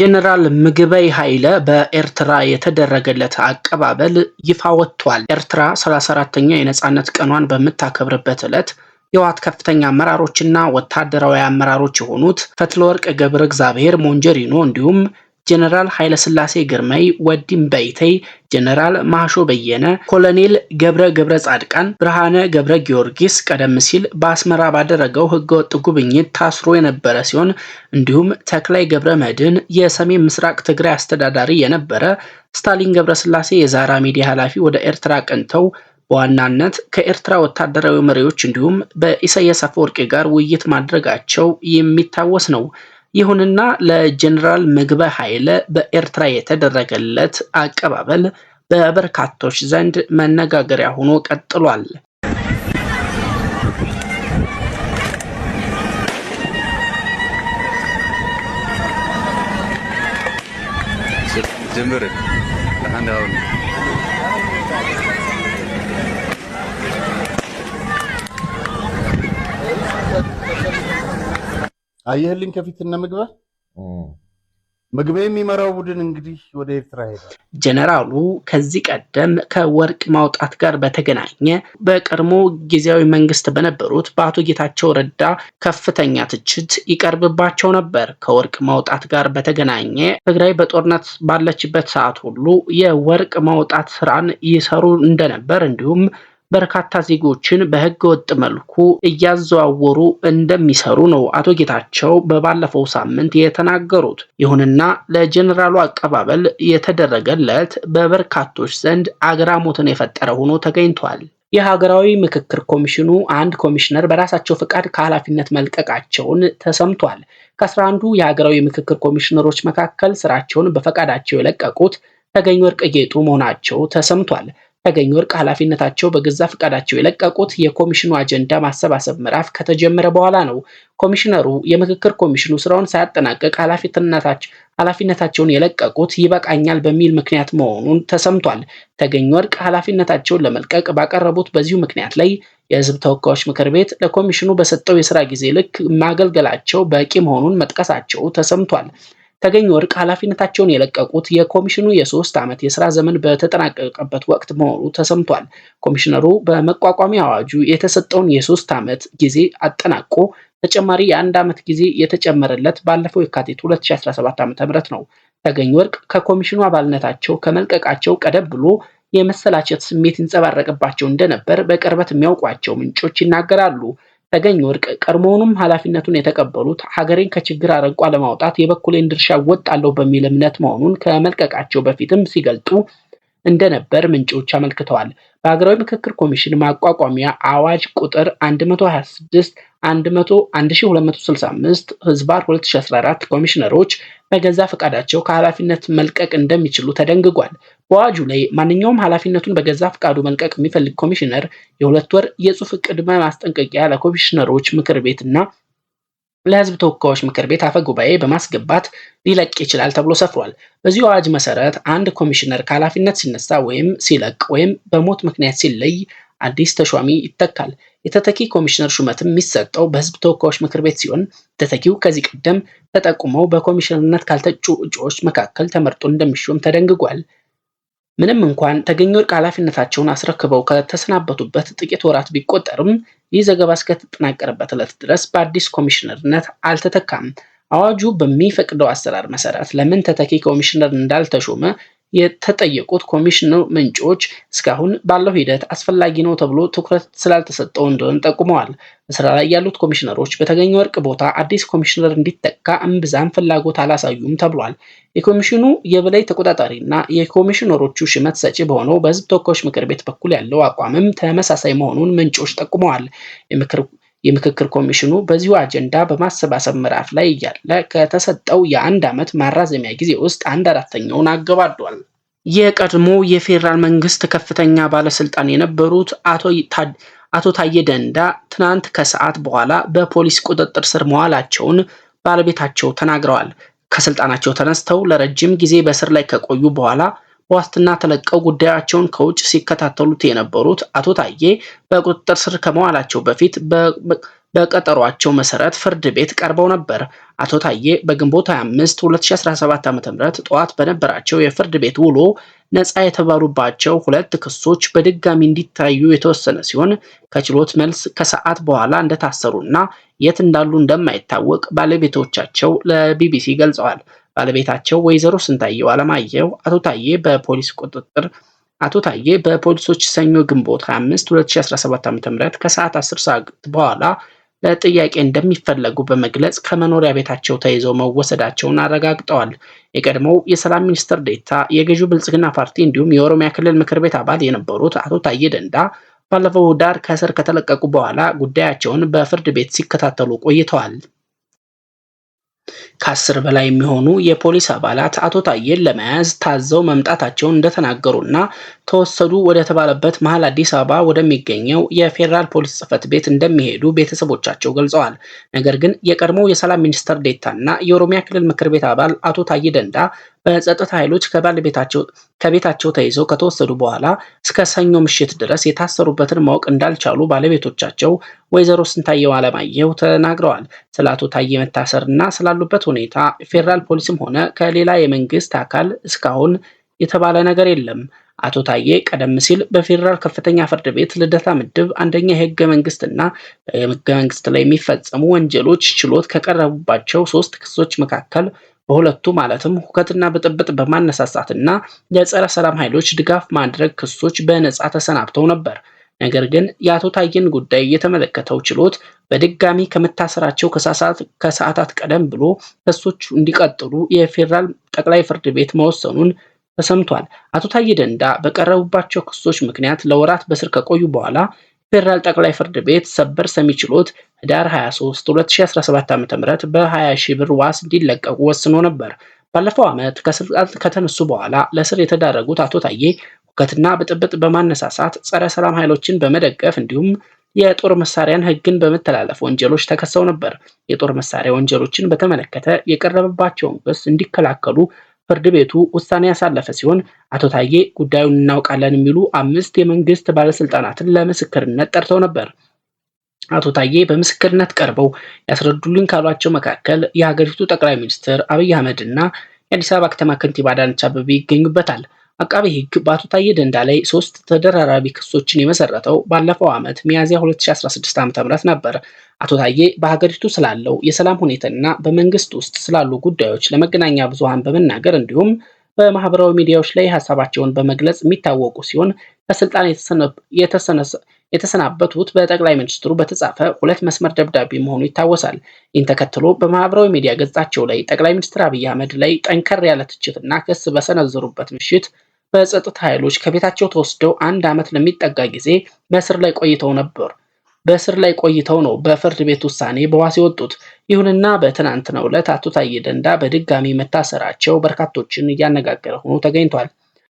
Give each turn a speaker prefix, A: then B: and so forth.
A: ጄኔራል ምግበይ ኃይለ በኤርትራ የተደረገለት አቀባበል ይፋ ወጥቷል። ኤርትራ 34ተኛ የነፃነት ቀኗን በምታከብርበት ዕለት የዋት ከፍተኛ አመራሮችና ወታደራዊ አመራሮች የሆኑት ፈትለወርቅ ገብረ እግዚአብሔር ሞንጀሪኖ እንዲሁም ጀነራል ኃይለስላሴ ግርማይ፣ ወዲም በይተይ፣ ጀነራል ማሾ በየነ፣ ኮሎኔል ገብረ ገብረ ጻድቃን፣ ብርሃነ ገብረ ጊዮርጊስ ቀደም ሲል በአስመራ ባደረገው ህገወጥ ጉብኝት ታስሮ የነበረ ሲሆን እንዲሁም ተክላይ ገብረ መድን የሰሜን ምስራቅ ትግራይ አስተዳዳሪ የነበረ፣ ስታሊን ገብረስላሴ የዛራ ሚዲያ ኃላፊ ወደ ኤርትራ ቀንተው በዋናነት ከኤርትራ ወታደራዊ መሪዎች እንዲሁም በኢሳያስ አፈወርቂ ጋር ውይይት ማድረጋቸው የሚታወስ ነው። ይሁንና ለጀኔራል ምግበ ኃይለ በኤርትራ የተደረገለት አቀባበል በበርካቶች ዘንድ መነጋገሪያ ሆኖ ቀጥሏል።
B: አየህልኝ ከፊት እነ ምግበ ምግበ የሚመራው ቡድን እንግዲህ ወደ ኤርትራ ሄዷል።
A: ጀነራሉ ከዚህ ቀደም ከወርቅ ማውጣት ጋር በተገናኘ በቀድሞ ጊዜያዊ መንግስት በነበሩት በአቶ ጌታቸው ረዳ ከፍተኛ ትችት ይቀርብባቸው ነበር። ከወርቅ ማውጣት ጋር በተገናኘ ትግራይ በጦርነት ባለችበት ሰዓት ሁሉ የወርቅ ማውጣት ስራን ይሰሩ እንደነበር እንዲሁም በርካታ ዜጎችን በህገ ወጥ መልኩ እያዘዋወሩ እንደሚሰሩ ነው አቶ ጌታቸው በባለፈው ሳምንት የተናገሩት። ይሁንና ለጀኔራሉ አቀባበል የተደረገለት በበርካቶች ዘንድ አግራሞትን የፈጠረ ሆኖ ተገኝቷል። የሀገራዊ ምክክር ኮሚሽኑ አንድ ኮሚሽነር በራሳቸው ፈቃድ ከኃላፊነት መልቀቃቸውን ተሰምቷል። ከአስራ አንዱ የሀገራዊ ምክክር ኮሚሽነሮች መካከል ስራቸውን በፈቃዳቸው የለቀቁት ተገኝ ወርቅ ጌጡ መሆናቸው ተሰምቷል። ተገኝ ወርቅ ኃላፊነታቸው በገዛ ፈቃዳቸው የለቀቁት የኮሚሽኑ አጀንዳ ማሰባሰብ ምዕራፍ ከተጀመረ በኋላ ነው። ኮሚሽነሩ የምክክር ኮሚሽኑ ስራውን ሳያጠናቀቅ ኃላፊነታቸውን የለቀቁት ይበቃኛል በሚል ምክንያት መሆኑን ተሰምቷል። ተገኝ ወርቅ ኃላፊነታቸውን ለመልቀቅ ባቀረቡት በዚሁ ምክንያት ላይ የህዝብ ተወካዮች ምክር ቤት ለኮሚሽኑ በሰጠው የስራ ጊዜ ልክ ማገልገላቸው በቂ መሆኑን መጥቀሳቸው ተሰምቷል። ተገኝ ወርቅ ኃላፊነታቸውን የለቀቁት የኮሚሽኑ የሶስት ዓመት የስራ ዘመን በተጠናቀቀበት ወቅት መሆኑ ተሰምቷል። ኮሚሽነሩ በመቋቋሚያ አዋጁ የተሰጠውን የሶስት ዓመት ጊዜ አጠናቆ ተጨማሪ የአንድ ዓመት ጊዜ የተጨመረለት ባለፈው የካቲት 2017 ዓ ም ነው። ተገኝ ወርቅ ከኮሚሽኑ አባልነታቸው ከመልቀቃቸው ቀደም ብሎ የመሰላቸት ስሜት ይንጸባረቅባቸው እንደነበር በቅርበት የሚያውቋቸው ምንጮች ይናገራሉ። ተገኝ ወርቅ ቀድሞውኑም ኃላፊነቱን የተቀበሉት ሀገሬን ከችግር አረንቋ ለማውጣት የበኩሌን ድርሻ አለው በሚል እምነት መሆኑን ከመልቀቃቸው በፊትም ሲገልጡ እንደነበር ምንጮች አመልክተዋል። በሀገራዊ ምክክር ኮሚሽን ማቋቋሚያ አዋጅ ቁጥር 126 1265 ህዝባር 2014 ኮሚሽነሮች በገዛ ፈቃዳቸው ከኃላፊነት መልቀቅ እንደሚችሉ ተደንግጓል። በአዋጁ ላይ ማንኛውም ኃላፊነቱን በገዛ ፈቃዱ መልቀቅ የሚፈልግ ኮሚሽነር የሁለት ወር የጽሑፍ ቅድመ ማስጠንቀቂያ ለኮሚሽነሮች ምክር እና ለህዝብ ተወካዮች ምክር ቤት አፈ ጉባኤ በማስገባት ሊለቅ ይችላል ተብሎ ሰፍሯል። በዚህ አዋጅ መሰረት አንድ ኮሚሽነር ከኃላፊነት ሲነሳ ወይም ሲለቅ ወይም በሞት ምክንያት ሲለይ አዲስ ተሿሚ ይተካል። የተተኪ ኮሚሽነር ሹመትም የሚሰጠው በህዝብ ተወካዮች ምክር ቤት ሲሆን ተተኪው ከዚህ ቀደም ተጠቁመው በኮሚሽነርነት ካልተጩ እጩዎች መካከል ተመርጦ እንደሚሾም ተደንግጓል። ምንም እንኳን ተገኘ ወርቅ ኃላፊነታቸውን አስረክበው ከተሰናበቱበት ጥቂት ወራት ቢቆጠርም ይህ ዘገባ እስከተጠናቀረበት ዕለት ድረስ በአዲስ ኮሚሽነርነት አልተተካም። አዋጁ በሚፈቅደው አሰራር መሰረት ለምን ተተኪ ኮሚሽነር እንዳልተሾመ የተጠየቁት ኮሚሽኑ ምንጮች እስካሁን ባለው ሂደት አስፈላጊ ነው ተብሎ ትኩረት ስላልተሰጠው እንደሆነ ጠቁመዋል። በስራ ላይ ያሉት ኮሚሽነሮች በተገኘ ወርቅ ቦታ አዲስ ኮሚሽነር እንዲተካ እምብዛም ፍላጎት አላሳዩም ተብሏል። የኮሚሽኑ የበላይ ተቆጣጣሪ እና የኮሚሽነሮቹ ሽመት ሰጪ በሆነው በህዝብ ተወካዮች ምክር ቤት በኩል ያለው አቋምም ተመሳሳይ መሆኑን ምንጮች ጠቁመዋል። የምክክር ኮሚሽኑ በዚሁ አጀንዳ በማሰባሰብ ምዕራፍ ላይ እያለ ከተሰጠው የአንድ ዓመት ማራዘሚያ ጊዜ ውስጥ አንድ አራተኛውን አገባዷል። የቀድሞ የፌዴራል መንግስት ከፍተኛ ባለስልጣን የነበሩት አቶ ታዬ ደንዳ ትናንት ከሰዓት በኋላ በፖሊስ ቁጥጥር ስር መዋላቸውን ባለቤታቸው ተናግረዋል። ከስልጣናቸው ተነስተው ለረጅም ጊዜ በስር ላይ ከቆዩ በኋላ ዋስትና ተለቀው ጉዳያቸውን ከውጭ ሲከታተሉት የነበሩት አቶ ታዬ በቁጥጥር ስር ከመዋላቸው በፊት በቀጠሯቸው መሰረት ፍርድ ቤት ቀርበው ነበር። አቶ ታዬ በግንቦት 25 2017 ም ጠዋት በነበራቸው የፍርድ ቤት ውሎ ነፃ የተባሉባቸው ሁለት ክሶች በድጋሚ እንዲታዩ የተወሰነ ሲሆን ከችሎት መልስ ከሰዓት በኋላ እንደታሰሩና የት እንዳሉ እንደማይታወቅ ባለቤቶቻቸው ለቢቢሲ ገልጸዋል። ባለቤታቸው ወይዘሮ ስንታየው አለማየሁ አቶ ታዬ በፖሊስ ቁጥጥር አቶ ታዬ በፖሊሶች ሰኞ ግንቦት 25 2017 ዓ.ም ከሰዓት 10 ሰዓት በኋላ ለጥያቄ እንደሚፈለጉ በመግለጽ ከመኖሪያ ቤታቸው ተይዘው መወሰዳቸውን አረጋግጠዋል። የቀድሞው የሰላም ሚኒስትር ዴታ የገዢው ብልጽግና ፓርቲ እንዲሁም የኦሮሚያ ክልል ምክር ቤት አባል የነበሩት አቶ ታዬ ደንዳ ባለፈው ዳር ከእስር ከተለቀቁ በኋላ ጉዳያቸውን በፍርድ ቤት ሲከታተሉ ቆይተዋል። ከአስር በላይ የሚሆኑ የፖሊስ አባላት አቶ ታዬን ለመያዝ ታዘው መምጣታቸውን እንደተናገሩና ተወሰዱ ወደተባለበት መሀል አዲስ አበባ ወደሚገኘው የፌዴራል ፖሊስ ጽፈት ቤት እንደሚሄዱ ቤተሰቦቻቸው ገልጸዋል። ነገር ግን የቀድሞው የሰላም ሚኒስትር ዴታና የኦሮሚያ ክልል ምክር ቤት አባል አቶ ታዬ ደንዳ በጸጥታ ኃይሎች ከባለቤታቸው ከቤታቸው ተይዘው ከተወሰዱ በኋላ እስከ ሰኞ ምሽት ድረስ የታሰሩበትን ማወቅ እንዳልቻሉ ባለቤቶቻቸው ወይዘሮ ስንታየው አለማየሁ ተናግረዋል። ስለ አቶ ታዬ መታሰርና ስላሉበት ሁኔታ ፌዴራል ፖሊስም ሆነ ከሌላ የመንግስት አካል እስካሁን የተባለ ነገር የለም። አቶ ታዬ ቀደም ሲል በፌዴራል ከፍተኛ ፍርድ ቤት ልደታ ምድብ አንደኛ የህገ መንግስትና በህገ መንግስት ላይ የሚፈጸሙ ወንጀሎች ችሎት ከቀረቡባቸው ሶስት ክሶች መካከል በሁለቱ ማለትም ሁከትና ብጥብጥ በማነሳሳትና የጸረ ሰላም ኃይሎች ድጋፍ ማድረግ ክሶች በነጻ ተሰናብተው ነበር። ነገር ግን የአቶ ታዬን ጉዳይ የተመለከተው ችሎት በድጋሚ ከመታሰራቸው ከሰዓታት ቀደም ብሎ ክሶቹ እንዲቀጥሉ የፌዴራል ጠቅላይ ፍርድ ቤት መወሰኑን ተሰምቷል። አቶ ታዬ ደንዳ በቀረቡባቸው ክሶች ምክንያት ለወራት በስር ከቆዩ በኋላ ፌዴራል ጠቅላይ ፍርድ ቤት ሰበር ሰሚ ችሎት ህዳር 23 2017 ዓ.ም በ20 ሺህ ብር ዋስ እንዲለቀቁ ወስኖ ነበር። ባለፈው ዓመት ከስልጣን ከተነሱ በኋላ ለስር የተዳረጉት አቶ ታዬ ሁከትና ብጥብጥ በማነሳሳት ጸረ ሰላም ኃይሎችን በመደገፍ እንዲሁም የጦር መሳሪያን ህግን በመተላለፍ ወንጀሎች ተከሰው ነበር። የጦር መሳሪያ ወንጀሎችን በተመለከተ የቀረበባቸውን ክስ እንዲከላከሉ ፍርድ ቤቱ ውሳኔ ያሳለፈ ሲሆን አቶ ታዬ ጉዳዩን እናውቃለን የሚሉ አምስት የመንግስት ባለስልጣናትን ለምስክርነት ጠርተው ነበር። አቶ ታዬ በምስክርነት ቀርበው ያስረዱልኝ ካሏቸው መካከል የሀገሪቱ ጠቅላይ ሚኒስትር አብይ አህመድ እና የአዲስ አበባ ከተማ ከንቲባ አዳነች አበቤ ይገኙበታል። አቃቤ ሕግ በአቶ ታዬ ደንዳ ላይ ሶስት ተደራራቢ ክሶችን የመሰረተው ባለፈው ዓመት ሚያዝያ 2016 ዓ ም ነበር። አቶ ታዬ በሀገሪቱ ስላለው የሰላም ሁኔታና በመንግስት ውስጥ ስላሉ ጉዳዮች ለመገናኛ ብዙሃን በመናገር እንዲሁም በማህበራዊ ሚዲያዎች ላይ ሀሳባቸውን በመግለጽ የሚታወቁ ሲሆን ከስልጣን የተሰናበቱት በጠቅላይ ሚኒስትሩ በተጻፈ ሁለት መስመር ደብዳቤ መሆኑ ይታወሳል። ይህን ተከትሎ በማህበራዊ ሚዲያ ገጻቸው ላይ ጠቅላይ ሚኒስትር አብይ አህመድ ላይ ጠንከር ያለ ትችትና ክስ በሰነዘሩበት ምሽት በጸጥታ ኃይሎች ከቤታቸው ተወስደው አንድ ዓመት ለሚጠጋ ጊዜ በእስር ላይ ቆይተው ነበር። በእስር ላይ ቆይተው ነው በፍርድ ቤት ውሳኔ በዋስ የወጡት። ይሁንና በትናንትናው ዕለት አቶ ታዬ ደንዳ በድጋሚ መታሰራቸው በርካቶችን እያነጋገረ ሆኖ ተገኝቷል።